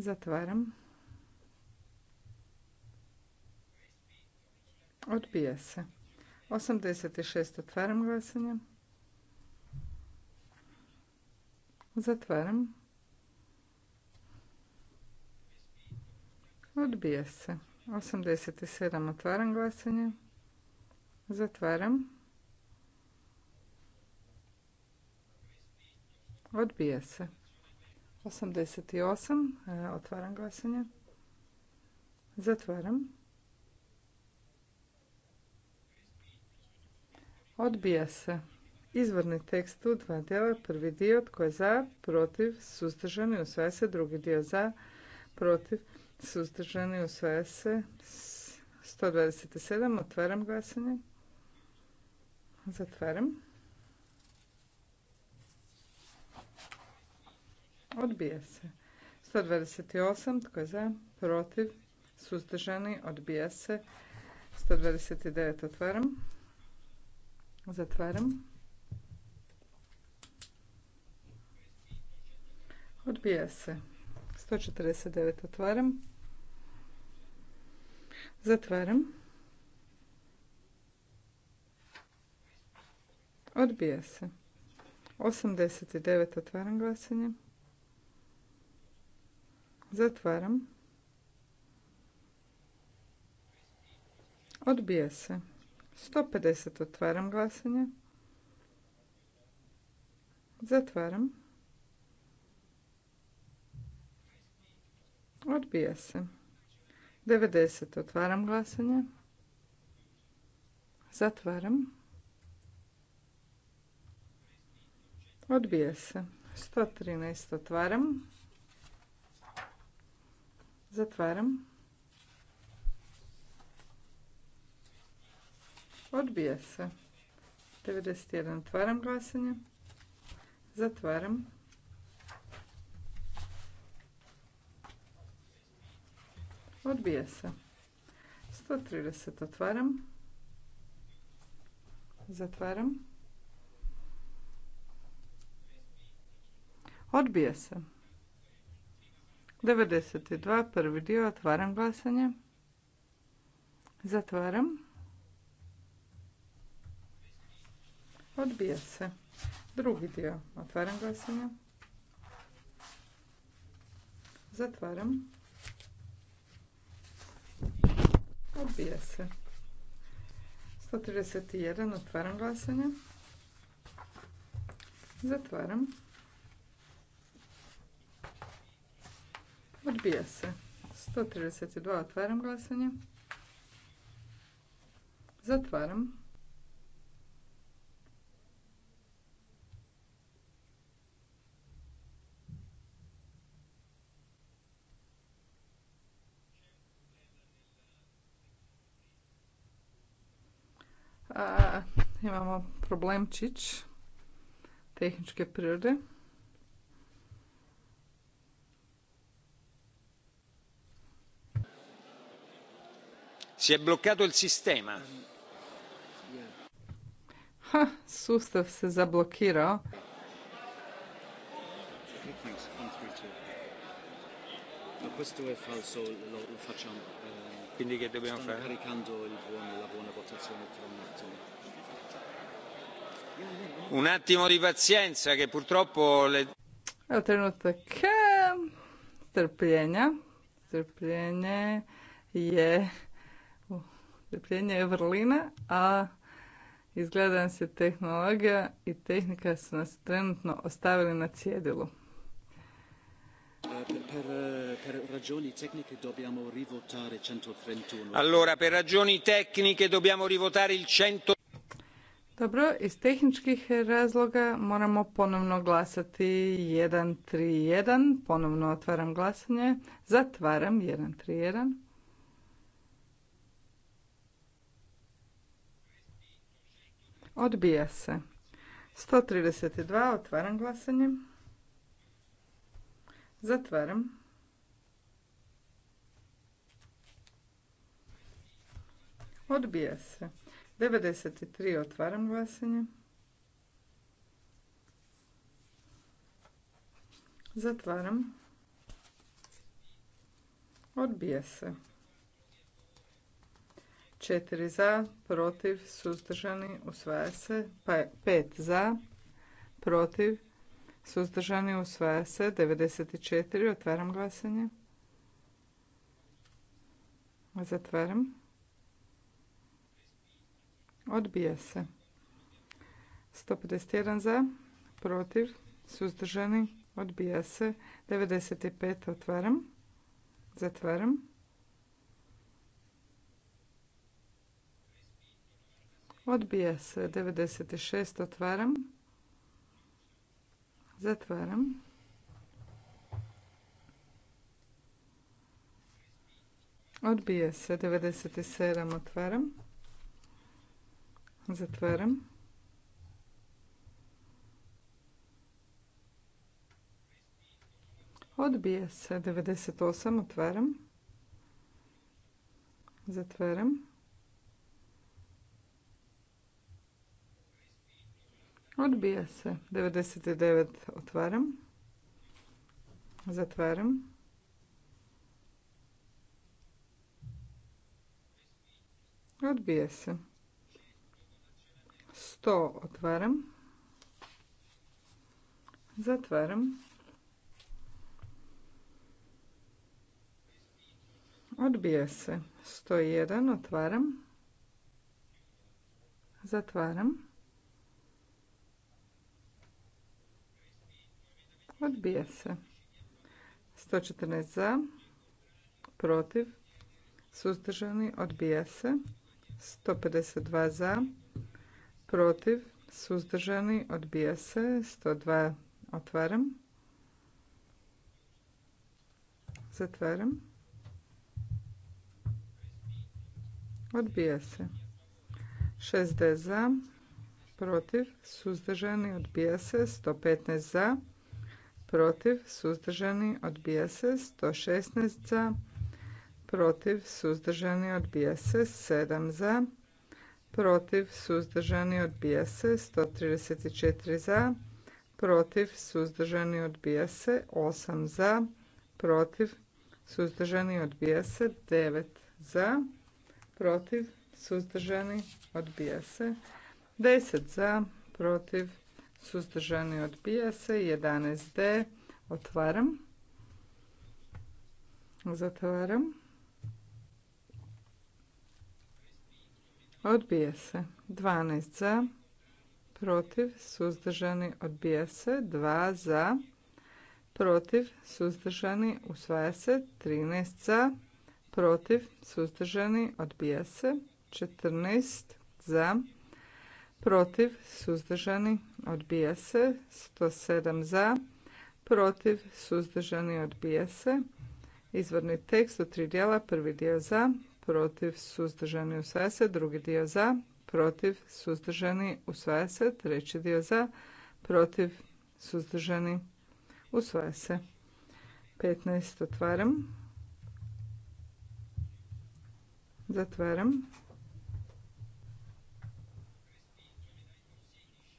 Zatvaram. Odbija se. 86. Otvaram glasanje. Zatvaram. Odbija se. 87. Otvaram glasanje. Zatvaram. Odbija se. 88. E, otvaram glasanje. Zatvaram. Odbija se. Izvorni tekst u dva dijela. Prvi dio tko je za, protiv, suzdržani, usvaja se. Drugi dio za, protiv, suzdržani, usvaja se. 127. Otvaram glasanje. Zatvaram. Odbija se. 128. Tko je za? Protiv? Suzdržani? Odbija se. 129. Otvaram. Zatvaram. Odbija se. 149. Otvaram. Zatvaram. Odbija se. 89. Otvaram glasanje. Zatvaram. Odbija se. 150 otvaram glasanje. Zatvaram. Odbija se. 90 otvaram glasanje. Zatvaram. Odbija se. 113 otvaram. Zatvaram. Odbija se. 91. Otvaram glasanje. Zatvaram. Odbija se. 130. Otvaram. Zatvaram. Odbija se. 92. Prvi dio. Otvaram glasanje. Zatvaram. Odbija se. Drugi dio. Otvaram glasanje. Zatvaram. Odbija se. 131. Otvaram glasanje. Zatvaram. Odbija se. 132. Otvaram glasanje. Zatvaram. imamo problemčić tehničke prirode. si è bloccato il sistema ha sustav se zablokirao Ma questo è falso, lo, facciamo. Eh, Quindi che dobbiamo stanno fare? caricando il buon, la buona votazione tra un attimo. Un attimo di pazienza che purtroppo le... Evo che... strpljenja. Strpljenje je Strpljenje je vrlina, a izgleda nam se tehnologija i tehnika su nas trenutno ostavili na cjedilu. Per, per ragioni tecniche dobbiamo rivotare 131. Dobro, iz tehničkih razloga moramo ponovno glasati 1-3-1. Ponovno otvaram glasanje. Zatvaram 1-3, 131. Odbija se. 132. Otvaram glasanje. Zatvaram. Odbija se. 93. Otvaram glasanje. Zatvaram. Odbija se. 4 za, protiv, suzdržani, usvaja se. 5 pa za, protiv, suzdržani, usvaja se. 94, otvaram glasanje. Zatvaram. Odbija se. 151 za, protiv, suzdržani, odbija se. 95 otvaram. Zatvaram. Odbija se 96. Otvaram. Zatvaram. Odbija se 97. Otvaram. Zatvaram. Odbija se 98. Otvaram. Zatvaram. Odbija se. 99 otvaram. Zatvaram. Odbija se. 100 otvaram. Zatvaram. Odbija se. 101 otvaram. Zatvaram. Odbija se. 114 za, protiv, suzdržani, odbija se. 152 za, protiv, suzdržani, odbija se. 102 otvaram. Zatvaram. Odbija se. 6D za, protiv, suzdržani, odbija se. 115 za, protiv protiv, suzdržani, odbija se. 116 za, protiv, suzdržani, odbija se. 7 za, protiv, suzdržani, odbija se. 134 za, protiv, suzdržani, odbija se. 8 za, protiv, suzdržani, odbija se. 9 za, protiv, suzdržani, odbija se. 10 za, protiv, suzdržani odbija se, 11D otvaram, zatvaram, odbija se, 12 za, protiv, suzdržani odbija se, 2 za, protiv, suzdržani usvaja se, 13 za, protiv, suzdržani odbija se, 14 za, protiv, suzdržani, odbija se. 107 za, protiv, suzdržani, odbija se. Izvorni tekst u tri dijela, prvi dio za, protiv, suzdržani, usvaja se, drugi dio za, protiv, suzdržani, usvaja se, treći dio za, protiv, suzdržani, usvaja se. 15 otvaram. Zatvaram.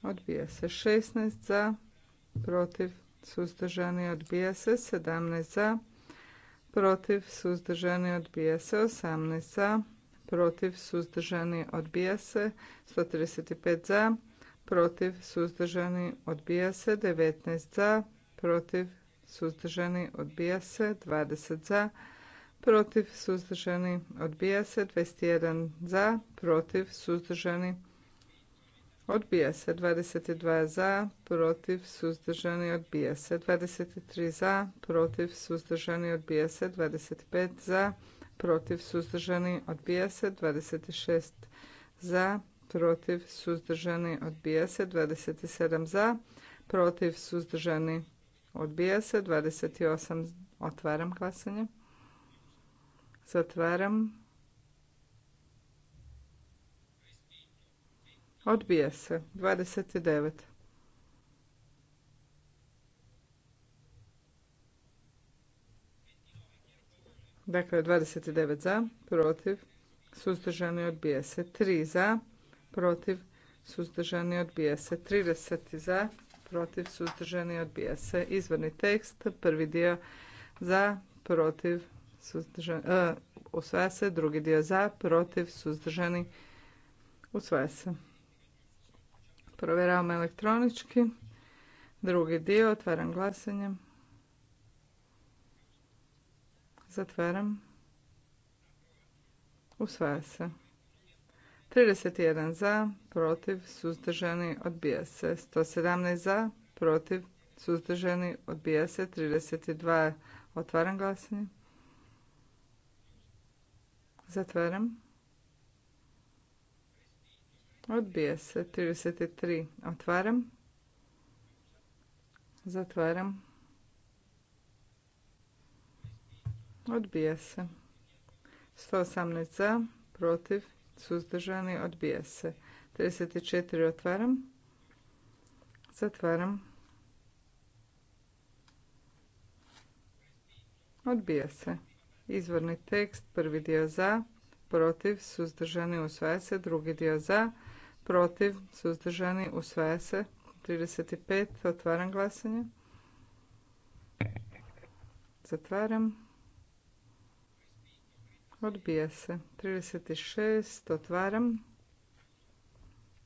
Odbija se 16 za, protiv, suzdržani, odbija se 17 za, protiv, suzdržani, odbija se 18 za, protiv, suzdržani, odbija se 135 za, protiv, suzdržani, odbija se 19 za, protiv, suzdržani, odbija se 20 za, protiv, suzdržani, odbija se 21 za, protiv, suzdržani, odbija se Odbija se 22 za, protiv, suzdržani, odbija se 23 za, protiv, suzdržani, odbija se 25 za, protiv, suzdržani, odbija se 26 za, protiv, suzdržani, odbija se 27 za, protiv, suzdržani, odbija se 28. Otvaram glasanje. Zatvaram. Odbija se. 29. Dakle, 29 za, protiv, suzdržani odbije se. 3 za, protiv, suzdržani odbija se. 30 za, protiv, suzdržani odbije se. Izvorni tekst, prvi dio za, protiv, suzdržani, e, usvaja se. Drugi dio za, protiv, suzdržani, usvaja se. Provjeravamo elektronički. Drugi dio, otvaram glasanje. Zatvaram. Usvaja se. 31 za, protiv, suzdržani, odbija se. 117 za, protiv, suzdržani, odbija se. 32, otvaram glasanje. Zatvaram. Odbija se. 33. Otvaram. Zatvaram. Odbija se. 118 za, protiv, suzdržani, odbija se. 34 otvaram. Zatvaram. Odbija se. Izvorni tekst, prvi dio za, protiv, suzdržani, usvaja se, drugi dio za, protiv, suzdržani, usvaja se. 35, otvaram glasanje. Zatvaram. Odbija se. 36, otvaram.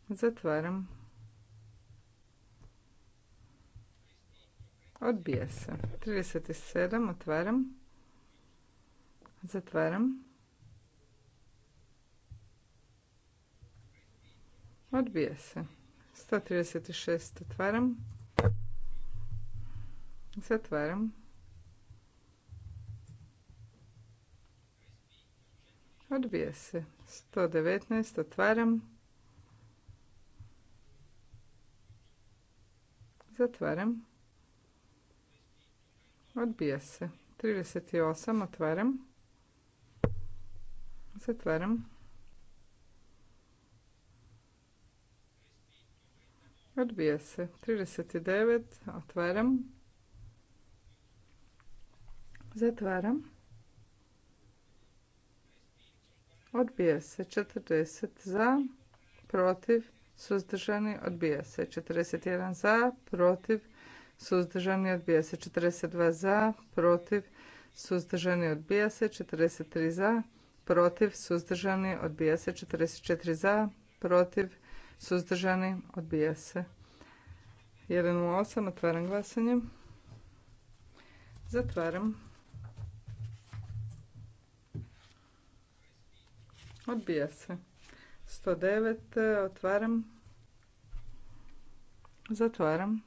Zatvaram. Odbija se. 37, otvaram. Zatvaram. Odbija se. 136 otvaram. Zatvaram. Odbija se. 119 otvaram. Zatvaram. Odbija se. 38 otvaram. Zatvaram. Odbija se. 39. Otvaram. Zatvaram. Odbija se. 40 za, protiv, suzdržani. Odbija se. 41 za, protiv, suzdržani. Odbija se. 42 za, protiv, suzdržani. Odbija se. 43 za, protiv, suzdržani. Odbija se. 44 za, protiv, suzdržani, odbija se. 108, otvaram glasanje. Zatvaram. Odbija se. 109, otvaram. Zatvaram.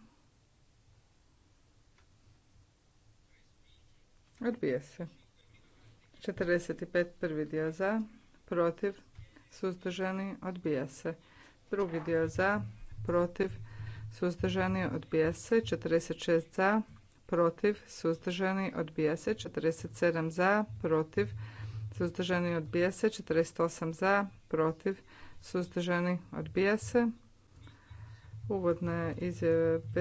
Odbija se. 45 prvi dio za, protiv, suzdržani, odbija se. Drugi dio za, protiv, suzdržani, odbija se. 46 za, protiv, suzdržani, odbija se. 47 za, protiv, suzdržani, odbija se. 48 za, protiv, suzdržani, odbija se. Uvodna izjave B,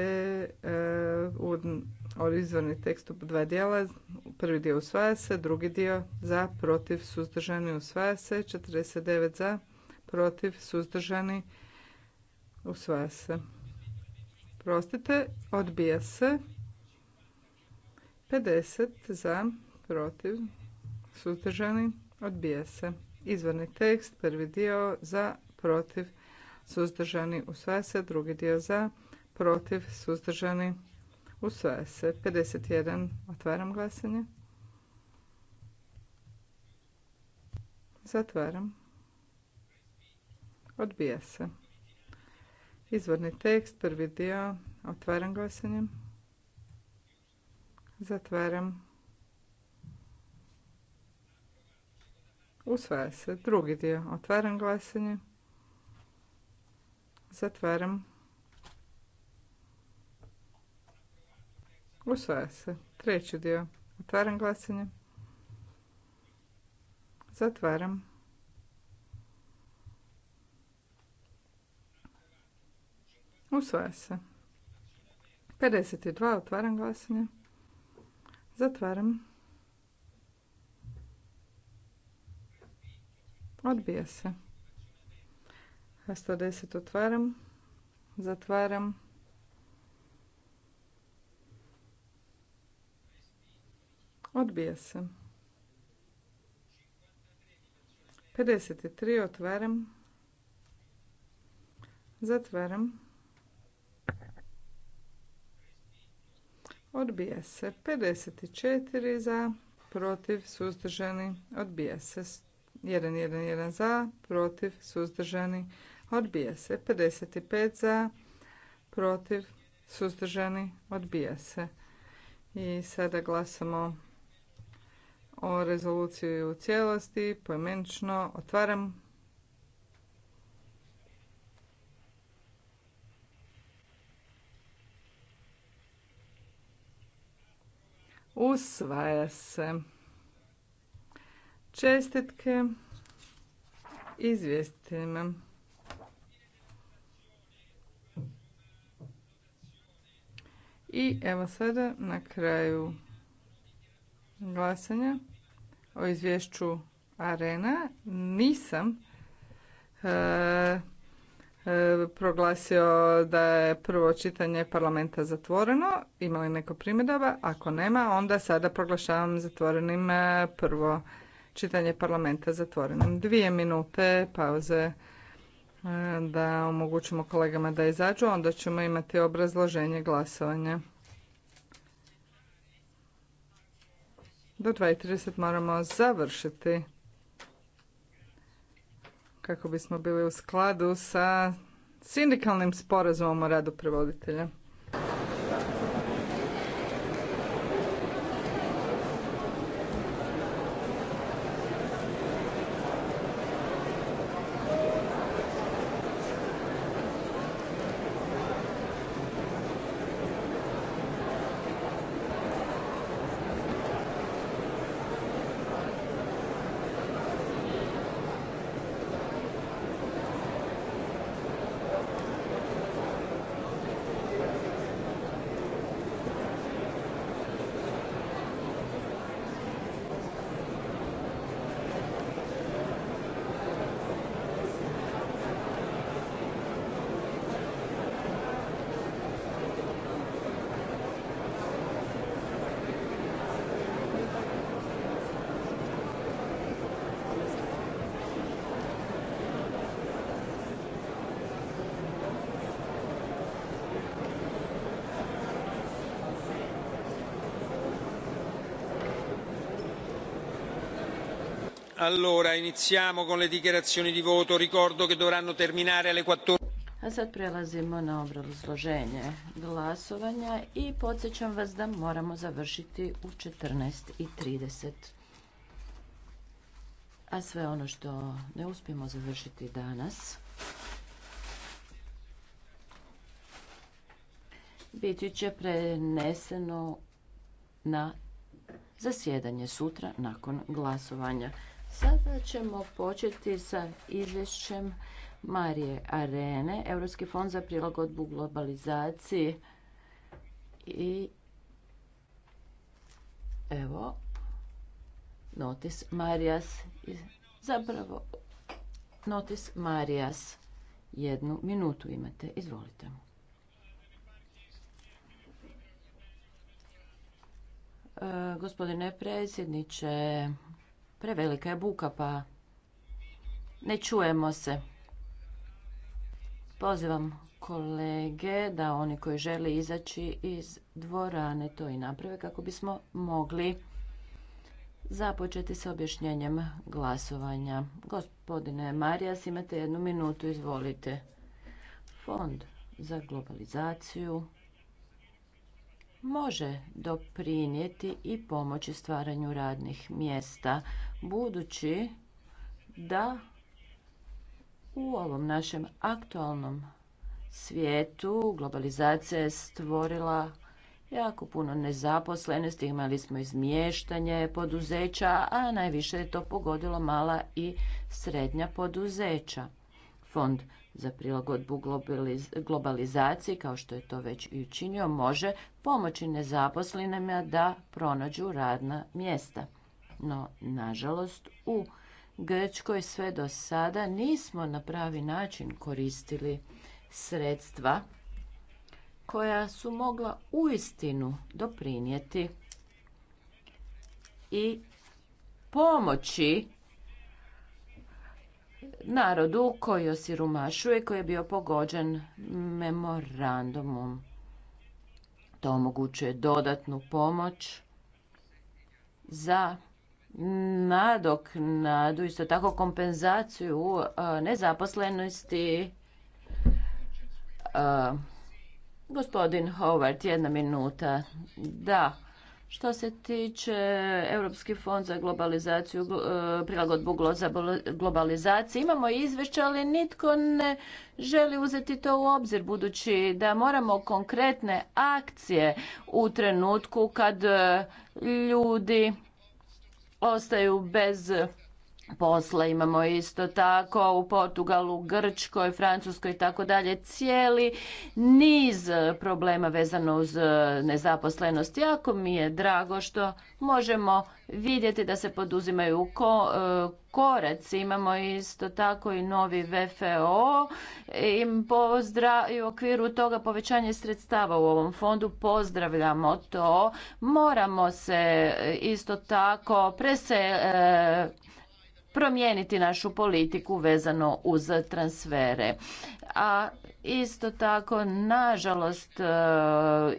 e, izvorni tekst u dva dijela. Prvi dio usvaja se, drugi dio za, protiv, suzdržani, usvaja se. 49 za, protiv, suzdržani, usvaja se. Prostite, odbija se. 50 za, protiv, suzdržani, odbija se. Izvorni tekst, prvi dio za, protiv, suzdržani, usvaja se. Drugi dio za, protiv, suzdržani, usvaja se. 51, otvaram glasanje. Zatvaram. Odbija se. Izvorni tekst, prvi dio. Otvaram glasanje. Zatvaram. Usvaja se. Drugi dio. Otvaram glasanje. Zatvaram. Usvaja se. Treći dio. Otvaram glasanje. Zatvaram. Usvaja se. 52. Otvaram glasanje. Zatvaram. Odbija se. 110. Otvaram. Zatvaram. Odbija se. 53. Otvaram. Zatvaram. odbija se. 54 za, protiv, suzdržani, odbija se. 111 za, protiv, suzdržani, odbija se. 55 za, protiv, suzdržani, odbija se. I sada glasamo o rezoluciji u cijelosti, poimenično otvaram usvaja se. Čestitke izvjestiteljima. I evo sada na kraju glasanja o izvješću Arena nisam e, E, proglasio da je prvo čitanje parlamenta zatvoreno. Ima li neko primjedaba? Ako nema, onda sada proglašavam zatvorenim e, prvo čitanje parlamenta zatvorenim. Dvije minute pauze e, da omogućimo kolegama da izađu, onda ćemo imati obrazloženje glasovanja. Do 2.30 moramo završiti kako bismo bili u skladu sa sindikalnim sporazumom o radu prevoditelja. Allora, iniziamo con le dichiarazioni di voto. Ricordo che dovranno terminare alle 14. A sad prelazimo na obrazloženje glasovanja i podsjećam vas da moramo završiti u 14.30. A sve ono što ne uspijemo završiti danas biti će preneseno na zasjedanje sutra nakon glasovanja. Sada ćemo početi sa izvješćem Marije Arene, Europski fond za prilagodbu globalizaciji i evo notis Marijas zapravo notis Marijas jednu minutu imate izvolite e, gospodine predsjedniče Prevelika je buka pa ne čujemo se. Pozivam kolege da oni koji žele izaći iz dvorane to i naprave kako bismo mogli započeti sa objašnjenjem glasovanja. Gospodine Marijas, imate jednu minutu, izvolite. Fond za globalizaciju može doprinijeti i pomoći stvaranju radnih mjesta budući da u ovom našem aktualnom svijetu globalizacija je stvorila jako puno nezaposlenosti, imali smo izmještanje poduzeća, a najviše je to pogodilo mala i srednja poduzeća. Fond za prilagodbu globalizaciji, kao što je to već i učinio, može pomoći nezaposlenima da pronađu radna mjesta no nažalost u Grčkoj sve do sada nismo na pravi način koristili sredstva koja su mogla uistinu doprinijeti i pomoći narodu koji osiromašuje, koji je bio pogođen memorandumom. To omogućuje dodatnu pomoć za nadoknadu, isto tako kompenzaciju e, nezaposlenosti. E, gospodin Howard, jedna minuta. Da, što se tiče Europski fond za globalizaciju, e, prilagodbu globalizaciji, imamo izvješće, ali nitko ne želi uzeti to u obzir, budući da moramo konkretne akcije u trenutku kad ljudi ostaju bez posla imamo isto tako u Portugalu, Grčkoj, Francuskoj i tako dalje. Cijeli niz problema vezano uz e, nezaposlenost. Jako mi je drago što možemo vidjeti da se poduzimaju ko, e, koraci. Imamo isto tako i novi VFO. I u okviru toga povećanje sredstava u ovom fondu pozdravljamo to. Moramo se e, isto tako prese promijeniti našu politiku vezano uz transfere. A isto tako, nažalost, e,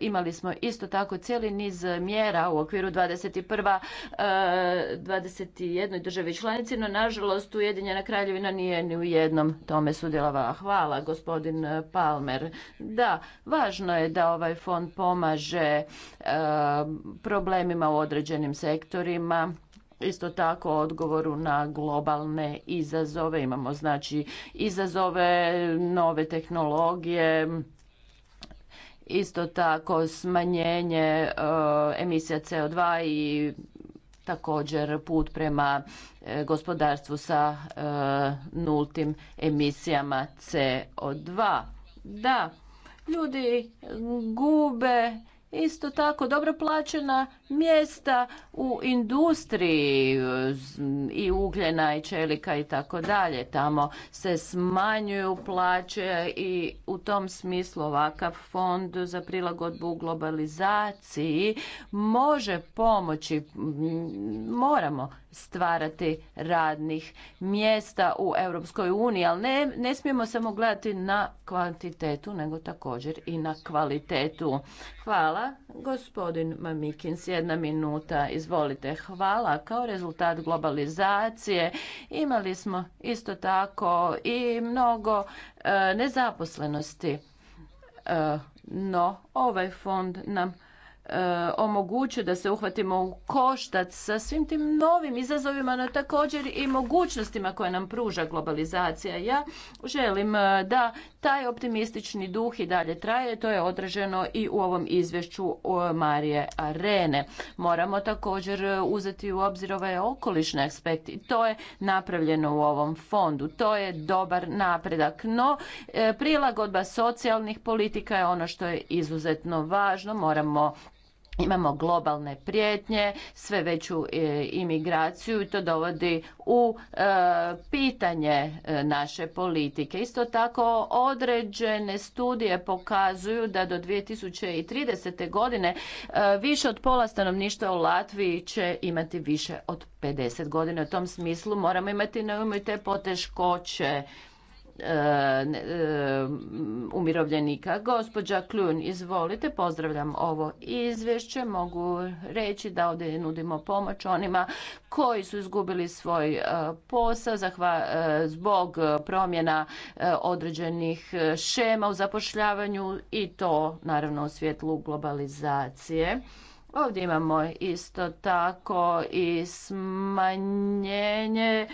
imali smo isto tako cijeli niz mjera u okviru 21. 21. državi članici, no nažalost Ujedinjena kraljevina nije ni u jednom tome sudjelovala. Hvala gospodin Palmer. Da, važno je da ovaj fond pomaže e, problemima u određenim sektorima isto tako odgovoru na globalne izazove. Imamo znači izazove, nove tehnologije, isto tako smanjenje e, emisija CO2 i također put prema e, gospodarstvu sa e, nultim emisijama CO2. Da, ljudi gube isto tako dobro plaćena mjesta u industriji i ugljena i čelika i tako dalje. Tamo se smanjuju plaće i u tom smislu ovakav fond za prilagodbu globalizaciji može pomoći, moramo stvarati radnih mjesta u Europskoj uniji, ali ne, ne smijemo samo gledati na kvantitetu, nego također i na kvalitetu. Hvala. Hvala. Gospodin Mamikins, jedna minuta, izvolite. Hvala. Kao rezultat globalizacije imali smo isto tako i mnogo e, nezaposlenosti. E, no, ovaj fond nam e, omogućuje da se uhvatimo u koštac sa svim tim novim izazovima, no također i mogućnostima koje nam pruža globalizacija. Ja želim da taj optimistični duh i dalje traje, to je odraženo i u ovom izvješću Marije Arene. Moramo također uzeti u obzir ovaj okolišni aspekt i to je napravljeno u ovom fondu. To je dobar napredak, no e, prilagodba socijalnih politika je ono što je izuzetno važno. Moramo Imamo globalne prijetnje, sve veću e, imigraciju i to dovodi u e, pitanje e, naše politike. Isto tako određene studije pokazuju da do 2030. godine više od pola stanovništva u Latviji će imati više od 50 godina. U tom smislu moramo imati na umu i te poteškoće E, e, umirovljenika. Gospođa Kljun, izvolite, pozdravljam ovo izvješće. Mogu reći da ovdje nudimo pomoć onima koji su izgubili svoj e, posao zbog promjena određenih šema u zapošljavanju i to naravno u svjetlu globalizacije. Ovdje imamo isto tako i smanjenje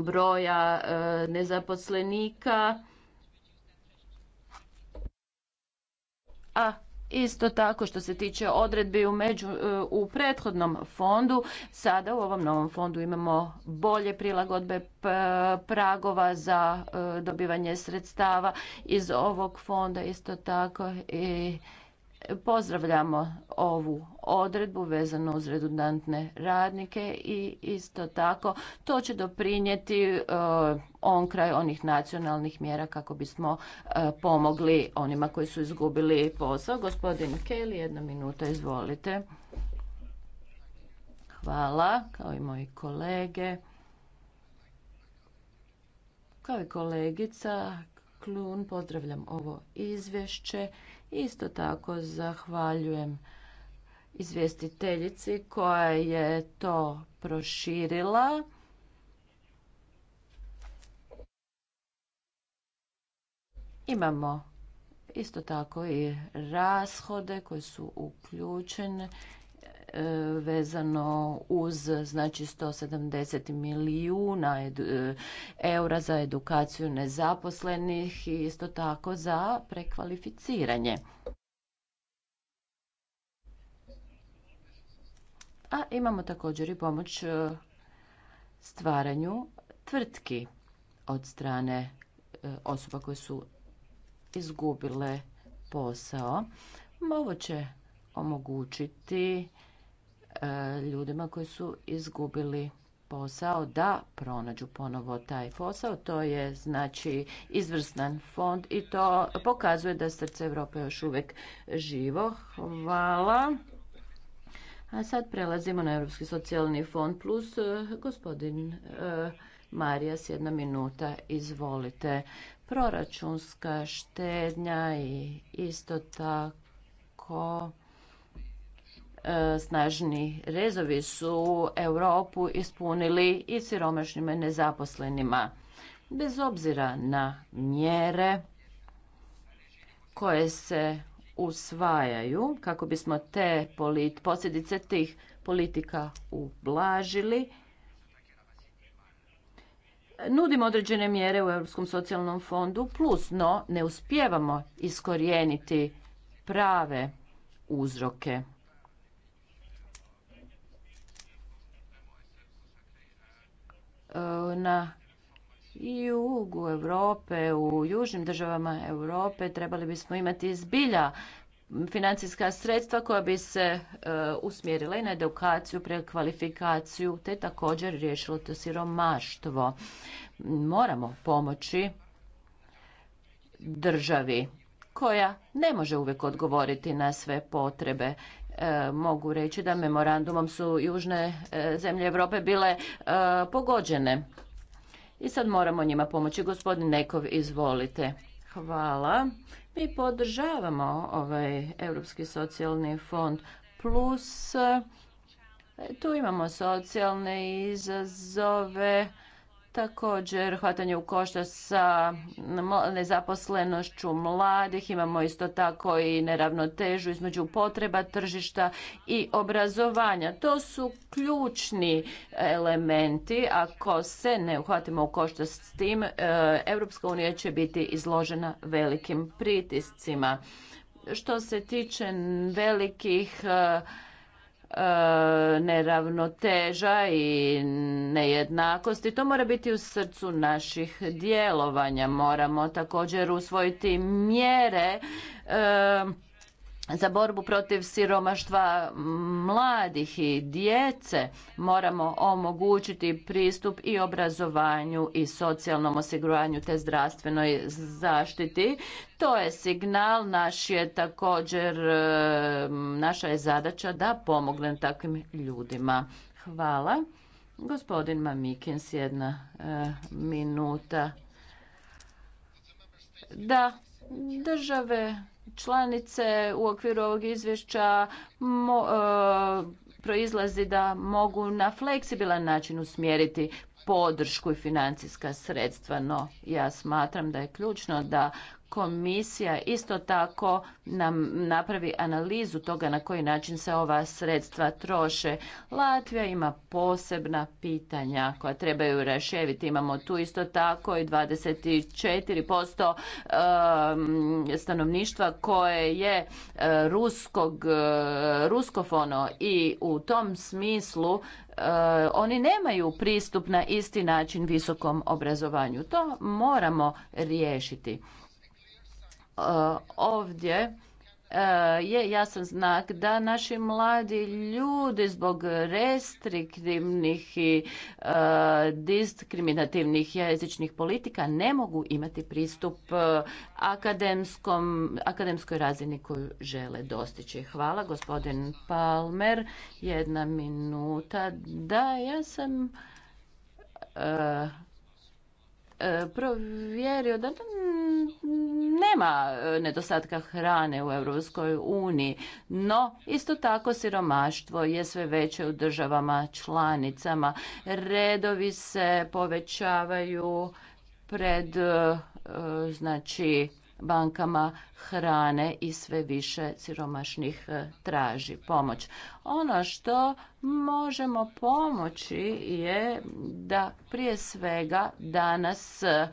broja e, nezaposlenika, a Isto tako što se tiče odredbi u, među, e, u prethodnom fondu, sada u ovom novom fondu imamo bolje prilagodbe pragova za e, dobivanje sredstava iz ovog fonda, isto tako i Pozdravljamo ovu odredbu vezano uz redundantne radnike i isto tako to će doprinijeti e, on kraj onih nacionalnih mjera kako bismo e, pomogli onima koji su izgubili posao. Gospodin Kelly, jedna minuta, izvolite. Hvala, kao i moji kolege. Kao i kolegica Klun, pozdravljam ovo izvješće Isto tako zahvaljujem izvjestiteljici koja je to proširila. Imamo isto tako i rashode koji su uključeni vezano uz znači 170 milijuna e, eura za edukaciju nezaposlenih i isto tako za prekvalificiranje. A imamo također i pomoć e, stvaranju tvrtki od strane e, osoba koje su izgubile posao. Ovo će omogućiti E, ljudima koji su izgubili posao da pronađu ponovo taj posao. To je znači izvrstan fond i to pokazuje da srce Europe još uvijek živo. Hvala. A sad prelazimo na Europski socijalni fond plus e, gospodin e, s jedna minuta, izvolite. Proračunska štednja i isto tako E, snažni rezovi su Europu ispunili i siromašnjima i nezaposlenima. Bez obzira na mjere koje se usvajaju kako bismo te posljedice tih politika ublažili, nudimo određene mjere u Europskom socijalnom fondu plus, no ne uspijevamo iskorijeniti prave uzroke. Eh, na jugu Europe, u južnim državama Europe trebali bismo imati zbilja financijska sredstva koja bi se eh, usmjerila i na edukaciju, prekvalifikaciju, te također riješilo to siromaštvo. Moramo pomoći državi koja ne može uvijek odgovoriti na sve potrebe E, mogu reći da memorandumom su južne e, zemlje Europe bile e, pogođene. I sad moramo njima pomoći. Gospodin Nekov, izvolite. Hvala. Mi podržavamo ovaj Europski socijalni fond plus tu imamo socijalne izazove Također, hvatanje u košta sa nezaposlenošću mladih, imamo isto tako i neravnotežu između potreba tržišta i obrazovanja. To su ključni elementi. Ako se ne uhvatimo u košta s tim, e, Europska unija će biti izložena velikim pritiscima. Što se tiče velikih e, E, neravnoteža i nejednakosti. To mora biti u srcu naših djelovanja. Moramo također usvojiti mjere e, za borbu protiv siromaštva mladih i djece moramo omogućiti pristup i obrazovanju i socijalnom osiguranju te zdravstvenoj zaštiti. To je signal, naš je također, e, naša je zadaća da pomognem takvim ljudima. Hvala. Gospodin Mamikins, jedna e, minuta. Da, države članice u okviru ovog izvješća e, proizlazi da mogu na fleksibilan način usmjeriti podršku i financijska sredstva, no ja smatram da je ključno da komisija isto tako nam napravi analizu toga na koji način se ova sredstva troše. Latvija ima posebna pitanja koja trebaju reševiti. Imamo tu isto tako i 24% stanovništva koje je e, ruskog, e, ruskofono i u tom smislu e, oni nemaju pristup na isti način visokom obrazovanju. To moramo riješiti ovdje e, je jasan znak da naši mladi ljudi zbog restriktivnih i e, diskriminativnih jezičnih politika ne mogu imati pristup e, akademskom, akademskoj razini koju žele dostići. Hvala gospodin Palmer. Jedna minuta. Da, ja sam E, provjerio da nema e, nedostatka hrane u Europskoj uniji, no isto tako siromaštvo je sve veće u državama članicama. Redovi se povećavaju pred e, znači bankama hrane i sve više siromašnih e, traži pomoć. Ono što možemo pomoći je da prije svega danas e,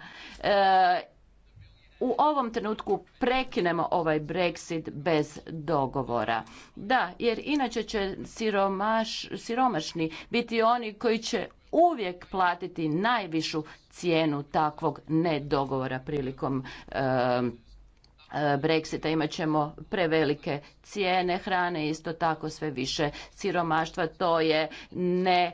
u ovom trenutku prekinemo ovaj Brexit bez dogovora. Da, jer inače će siromaš, siromašni biti oni koji će uvijek platiti najvišu cijenu takvog nedogovora prilikom e, Brexita imat ćemo prevelike cijene hrane, isto tako sve više siromaštva, to je ne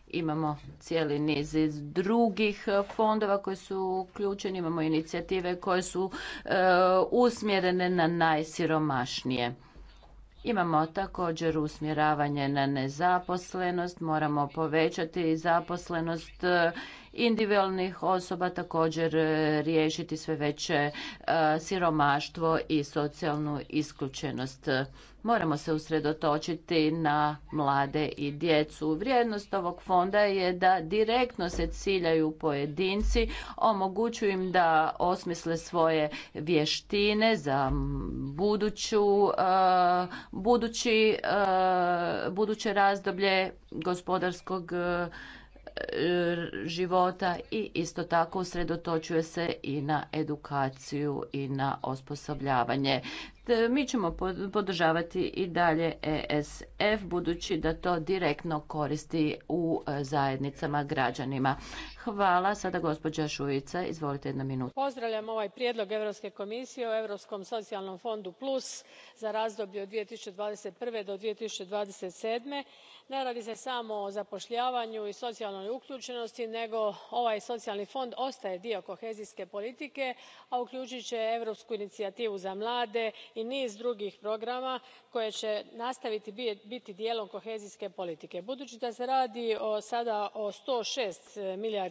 Imamo cijeli niz iz drugih e, fondova koji su uključeni, imamo inicijative koje su e, usmjerene na najsiromašnije. Imamo također usmjeravanje na nezaposlenost, moramo povećati zaposlenost e, individualnih osoba također e, riješiti sve veće e, siromaštvo i socijalnu isključenost. Moramo se usredotočiti na mlade i djecu. Vrijednost ovog fonda je da direktno se ciljaju pojedinci, omogućuju im da osmisle svoje vještine za buduću, e, budući, buduće razdoblje gospodarskog života i isto tako usredotočuje se i na edukaciju i na osposobljavanje. Mi ćemo podržavati i dalje ESF budući da to direktno koristi u e, zajednicama građanima. Hvala. Sada gospođa izvolite jedna minutu. Pozdravljam ovaj prijedlog Europske komisije o Europskom socijalnom fondu plus za razdoblje od 2021. do 2027. Ne radi se samo o zapošljavanju i socijalnoj uključenosti nego ovaj socijalni fond ostaje dio kohezijske politike, a uključit će europsku inicijativu za mlade i niz drugih programa koje će nastaviti biti dijelom kohezijske politike. Budući da se radi o, sada o 106 milijardi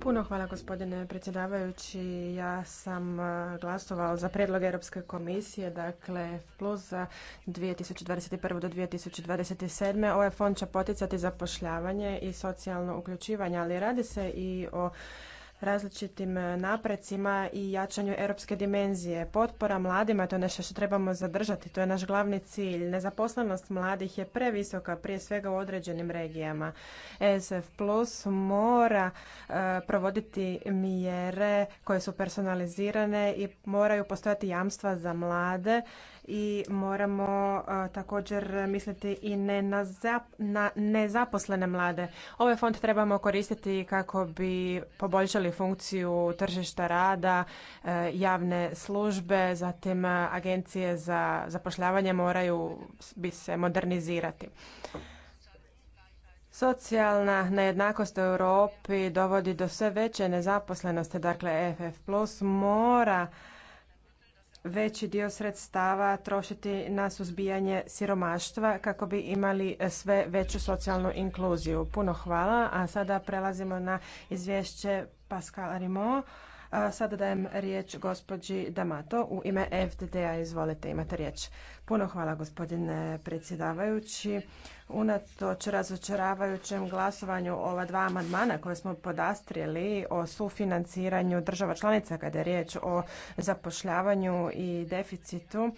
Puno hvala gospodine predsjedavajući. Ja sam e, glasovao za prijedlog Europske komisije, dakle plus za 2021. do 2027. Ovaj fond će poticati zapošljavanje i socijalno uključivanje, ali radi se i o različitim e, naprecima i jačanju europske dimenzije. Potpora mladima to je nešto što trebamo zadržati, to je naš glavni cilj. Nezaposlenost mladih je previsoka, prije svega u određenim regijama. E SF Plus mora e, provoditi mjere koje su personalizirane i moraju postojati jamstva za mlade i moramo također misliti i ne na, nezaposlene mlade. Ovaj fond trebamo koristiti kako bi poboljšali funkciju tržišta rada, e, javne službe, zatim agencije za zapošljavanje moraju bi se modernizirati. Socijalna nejednakost u Europi dovodi do sve veće nezaposlenosti, dakle FF Plus mora veći dio sredstava trošiti na suzbijanje siromaštva kako bi imali sve veću socijalnu inkluziju. Puno hvala, a sada prelazimo na izvješće Pascal Arimont Sada dajem riječ gospođi Damato u ime FDD-a. Izvolite, imate riječ. Puno hvala gospodine predsjedavajući. Unatoč razočaravajućem glasovanju ova dva amandmana koje smo podastrijeli o sufinanciranju država članica kada je riječ o zapošljavanju i deficitu,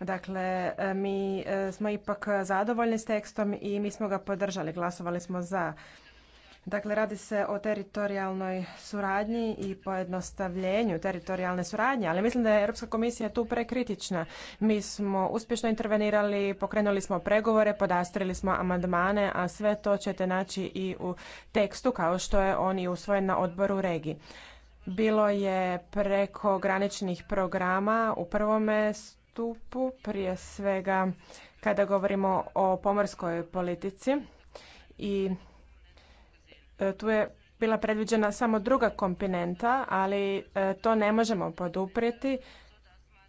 Dakle, mi e, smo ipak zadovoljni s tekstom i mi smo ga podržali, glasovali smo za. Dakle, radi se o teritorijalnoj suradnji i pojednostavljenju teritorijalne suradnje, ali mislim da je Europska komisija tu prekritična. Mi smo uspješno intervenirali, pokrenuli smo pregovore, podastrili smo amandmane, a sve to ćete naći i u tekstu kao što je on i usvojen na odboru regiji. Bilo je preko graničnih programa u prvome stupu, prije svega kada govorimo o pomorskoj politici i E, tu je bila predviđena samo druga komponenta, ali e, to ne možemo poduprijeti.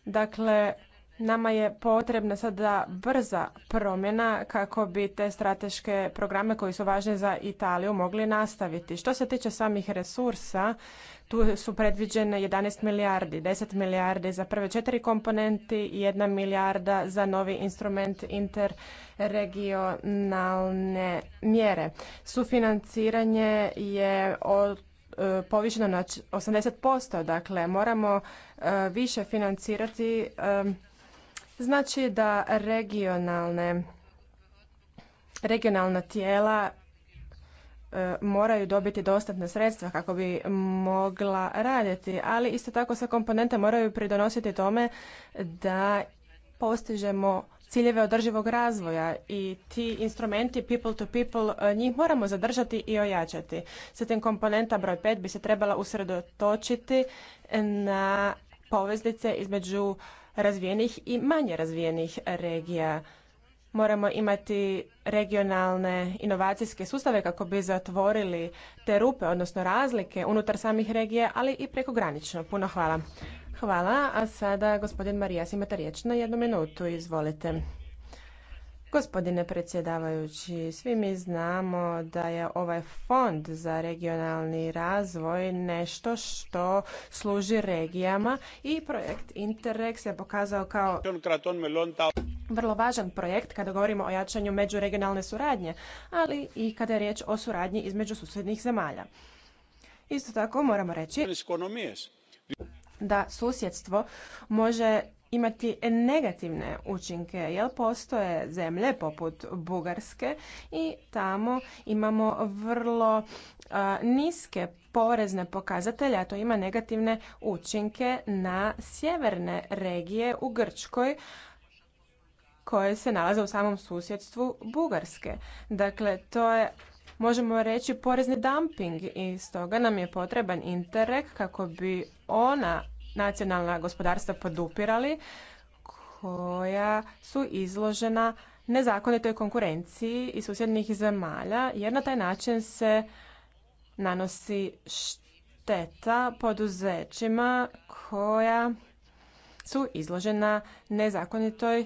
Dakle, Nama je potrebna sada brza promjena kako bi te strateške programe koji su važni za Italiju mogli nastaviti. Što se tiče samih resursa, tu su predviđene 11 milijardi, 10 milijardi za prve četiri komponenti i jedna milijarda za novi instrument interregionalne mjere. Sufinanciranje je od e, povišeno na 80%, dakle moramo e, više financirati e, znači da regionalne, regionalna tijela e, moraju dobiti dostatna sredstva kako bi mogla raditi, ali isto tako sve komponente moraju pridonositi tome da postižemo ciljeve održivog razvoja i ti instrumenti people to people e, njih moramo zadržati i ojačati. Zatim komponenta broj 5 bi se trebala usredotočiti na poveznice između razvijenih i manje razvijenih regija. Moramo imati regionalne inovacijske sustave kako bi zatvorili te rupe, odnosno razlike unutar samih regija, ali i prekogranično. Puno hvala. Hvala, a sada gospodin Marijas imate riječ na jednu minutu, izvolite. Gospodine predsjedavajući, svi mi znamo da je ovaj fond za regionalni razvoj nešto što služi regijama i projekt Interreg se pokazao kao vrlo važan projekt kada govorimo o jačanju međuregionalne suradnje, ali i kada je riječ o suradnji između susjednih zemalja. Isto tako moramo reći da susjedstvo može imati negativne učinke, jer postoje zemlje poput Bugarske i tamo imamo vrlo niske porezne pokazatelje, a to ima negativne učinke na sjeverne regije u Grčkoj koje se nalaze u samom susjedstvu Bugarske. Dakle, to je možemo reći porezni dumping i stoga nam je potreban Interreg kako bi ona nacionalna gospodarstva podupirali koja su izložena nezakonitoj konkurenciji iz susjednih zemalja jer na taj način se nanosi šteta poduzećima koja su izložena nezakonitoj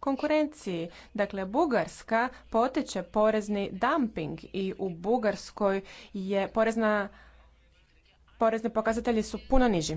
konkurenciji. Dakle, Bugarska potiče porezni dumping i u Bugarskoj je porezna, porezni pokazatelji su puno niži.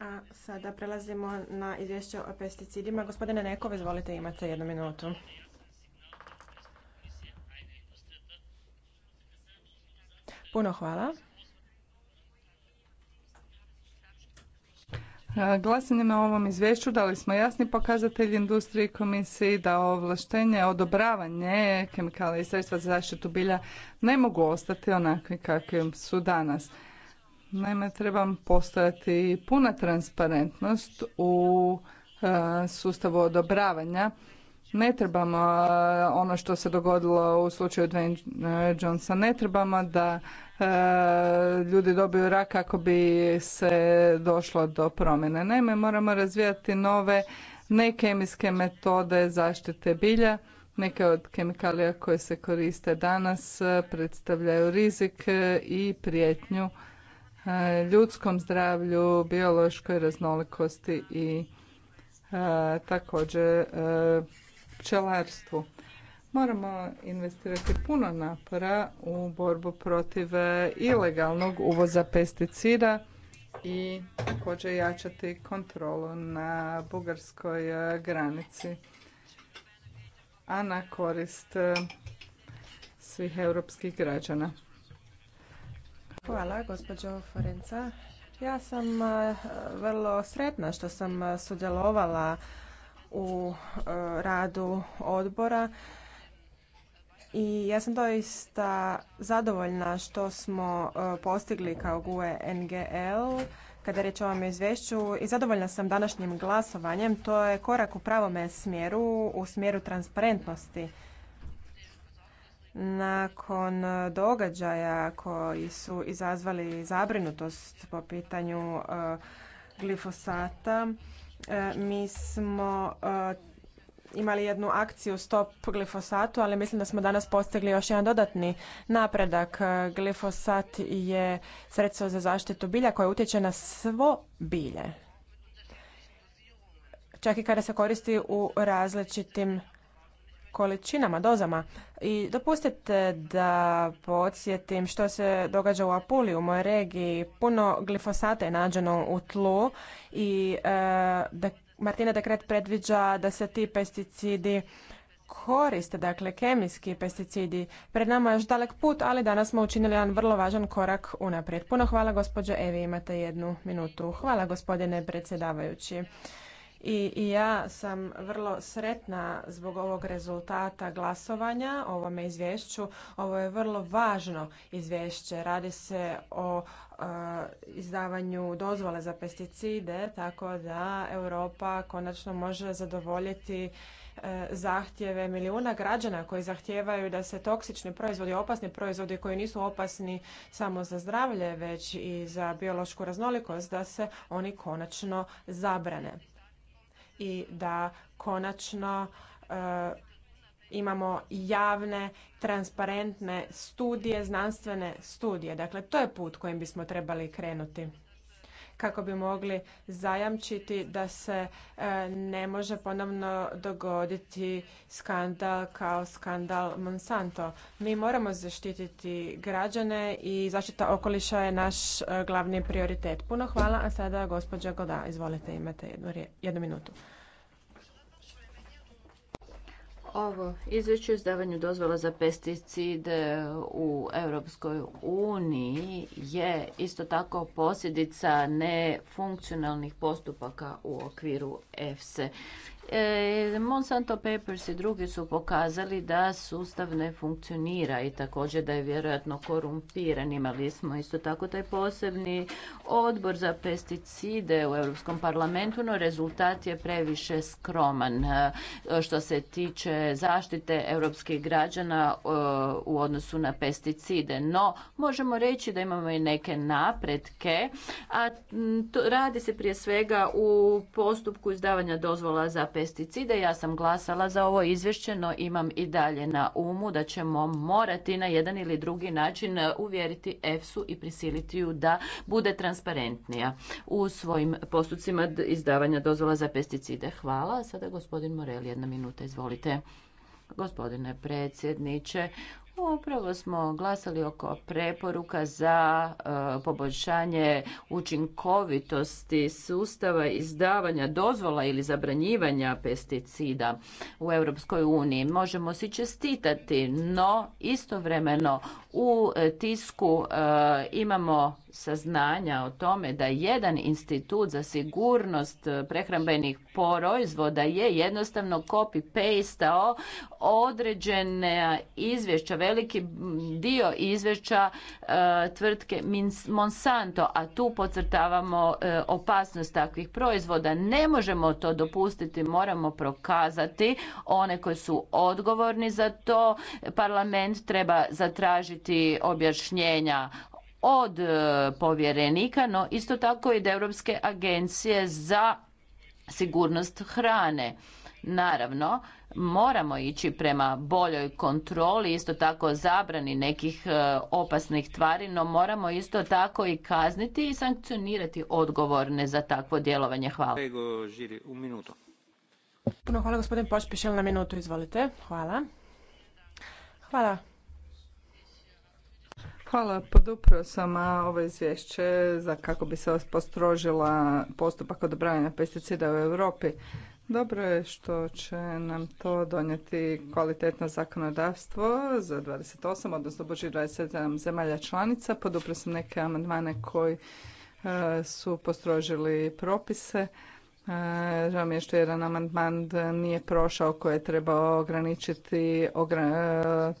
A sada prelazimo na izvješće o pesticidima. Gospodine Nekov, izvolite, imate jednu minutu. Puno hvala. Glasanjem o ovom izvješću dali smo jasni pokazatelj industriji i komisiji da ovlaštenje, odobravanje kemikalija i sredstva za zaštitu bilja ne mogu ostati onakvi kakvi su danas. Naime, trebam postojati puna transparentnost u e, sustavu odobravanja. Ne trebamo e, ono što se dogodilo u slučaju Dwayne e, Johnsona, ne trebamo da ljudi dobiju rak kako bi se došlo do promjene. Naime, moramo razvijati nove nekemijske metode zaštite bilja. Neke od kemikalija koje se koriste danas predstavljaju rizik i prijetnju Eh, ljudskom zdravlju, biološkoj raznolikosti i eh, također eh, pčelarstvu. Moramo investirati puno napora u borbu protiv ilegalnog uvoza pesticida i također jačati kontrolu na bugarskoj granici, a na korist svih europskih građana. Hvala, gospođo Forenca. Ja sam e, vrlo sretna što sam e, sudjelovala u e, radu odbora i ja sam doista zadovoljna što smo postigli kao GUE NGL kada reći riječ o ovom izvješću i zadovoljna sam današnjim glasovanjem. To je korak u pravome smjeru, u smjeru transparentnosti nakon e, događaja koji su izazvali zabrinutost po pitanju e, glifosata e, mi smo imali jednu akciju stop glifosatu ali mislim da smo danas postigli još jedan dodatni napredak glifosat je sredstvo za zaštitu bilja koje utječe na svo bilje čak i kada se koristi u različitim količinama, dozama. I dopustite da podsjetim što se događa u Apuliji, u mojoj regiji. Puno glifosata je nađeno u tlu i e, de, Martina Dekret predviđa da se ti pesticidi koriste, dakle kemijski pesticidi. Pred nama je još dalek put, ali danas smo učinili jedan vrlo važan korak unaprijed. Puno hvala gospođo Evi, imate jednu minutu. Hvala gospodine predsjedavajući. I, ja sam vrlo sretna zbog ovog rezultata glasovanja o ovome izvješću. Ovo je vrlo važno izvješće. Radi se o e, izdavanju dozvole za pesticide, tako da Europa konačno može zadovoljiti e, zahtjeve milijuna građana koji zahtijevaju da se toksični proizvodi, opasni proizvodi koji nisu opasni samo za zdravlje, već i za biološku raznolikost, da se oni konačno zabrane i da konačno e, imamo javne, transparentne studije, znanstvene studije. Dakle, to je put kojim bismo trebali krenuti kako bi mogli zajamčiti da se e, ne može ponovno dogoditi skandal kao skandal Monsanto. Mi moramo zaštititi građane i zaštita okoliša je naš e, glavni prioritet. Puno hvala, a sada gospođa Goda, izvolite, imate jednu, jednu minutu. Ovo izvješće o izdavanju dozvola za pesticide u Europskoj uniji je isto tako posljedica nefunkcionalnih postupaka u okviru EFSE. E, Monsanto Papers i drugi su pokazali da sustav ne funkcionira i također da je vjerojatno korumpiran. Imali smo isto tako taj posebni odbor za pesticide u Europskom parlamentu, no rezultat je previše skroman e, što se tiče zaštite europskih građana e, u odnosu na pesticide. No, možemo reći da imamo i neke napretke, a radi se prije svega u postupku izdavanja dozvola za pesticide pesticide. Ja sam glasala za ovo izvješće, no imam i dalje na umu da ćemo morati na jedan ili drugi način e, uvjeriti EFSU i prisiliti ju da bude transparentnija u svojim postupcima izdavanja dozvola za pesticide. Hvala. Sada gospodin Morel, jedna minuta, izvolite. Gospodine predsjedniče, Upravo smo glasali oko preporuka za e, poboljšanje učinkovitosti sustava izdavanja dozvola ili zabranjivanja pesticida u Europskoj uniji. Možemo si čestitati, no istovremeno u e, tisku e, imamo saznanja o tome da jedan institut za sigurnost prehrambenih proizvoda je jednostavno copy-pastao određene izvješća veliki dio izvješća e, tvrtke Monsanto, a tu podcrtavamo e, opasnost takvih proizvoda. Ne možemo to dopustiti, moramo prokazati one koji su odgovorni za to. Parlament treba zatražiti objašnjenja od e, povjerenika, no isto tako i od Europske agencije za sigurnost hrane. Naravno, moramo ići prema boljoj kontroli, isto tako zabrani nekih e, opasnih tvari, no moramo isto tako i kazniti i sankcionirati odgovorne za takvo djelovanje. Hvala. Puno hvala gospodin Pošpišel na minutu, izvolite. Hvala. Hvala. Hvala, podupro sam ovo izvješće za kako bi se postrožila postupak odobravanja pesticida u Europi. Dobro je što će nam to donijeti kvalitetno zakonodavstvo za 28, odnosno boži 27 zemalja članica. Podupro sam neke amandmane koji e, su postrožili propise. E, žao mi je što jedan amandman nije prošao koji je trebao ograničiti e,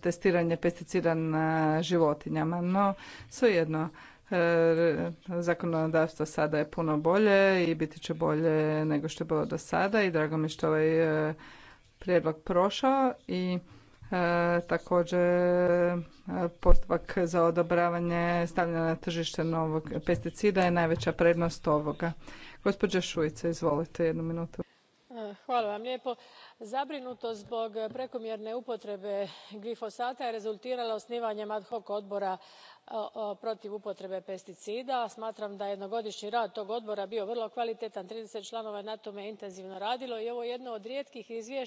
testiranje pesticida na životinjama, no svejedno E, zakonodavstvo sada je puno bolje i biti će bolje nego što je bilo do sada i drago mi što ovaj e, prijedlog prošao i E, također e, postupak za odobravanje stavljanja na tržište novog pesticida je najveća prednost ovoga. Gospođa Šujica, izvolite jednu minutu. Hvala vam lijepo. Zabrinutost zbog prekomjerne upotrebe glifosata je rezultirala osnivanjem ad hoc odbora protiv upotrebe pesticida. smatram da je jednogodinji rad tog odbora bio vrlo kvalitetan thirty članova je na tome intenzivno radilo i ovo je jedno od rijetkih izvjea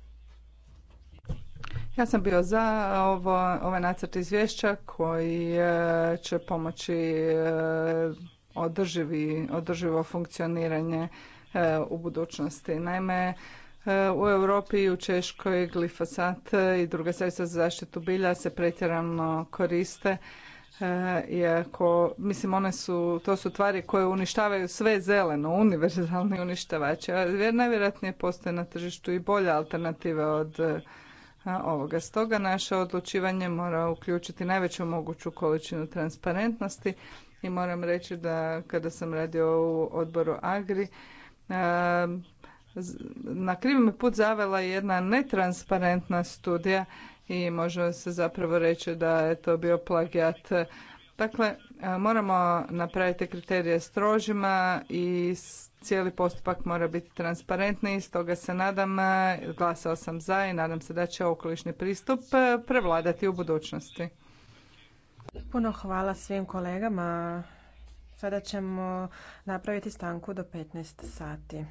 Ja sam bio za ovo, ovaj nacrt izvješća koji e, će pomoći e, održivi, održivo funkcioniranje e, u budućnosti. Naime, u Europi i u Češkoj glifosat i druga sredstva za zaštitu bilja se pretjerano koriste iako, mislim, one su, to su tvari koje uništavaju sve zeleno, univerzalni uništavači. Najvjerojatnije postoje na tržištu i bolje alternative od ovoga. Stoga naše odlučivanje mora uključiti najveću moguću količinu transparentnosti i moram reći da kada sam radio u odboru Agri, na krivi me put zavela jedna netransparentna studija i može se zapravo reći da je to bio plagijat. Dakle, moramo napraviti kriterije strožima i cijeli postupak mora biti i stoga se nadam, e, glasao sam za i nadam se da će okolišni pristup e, prevladati u budućnosti. Puno hvala svim kolegama. Sada ćemo napraviti stanku do 15 sati.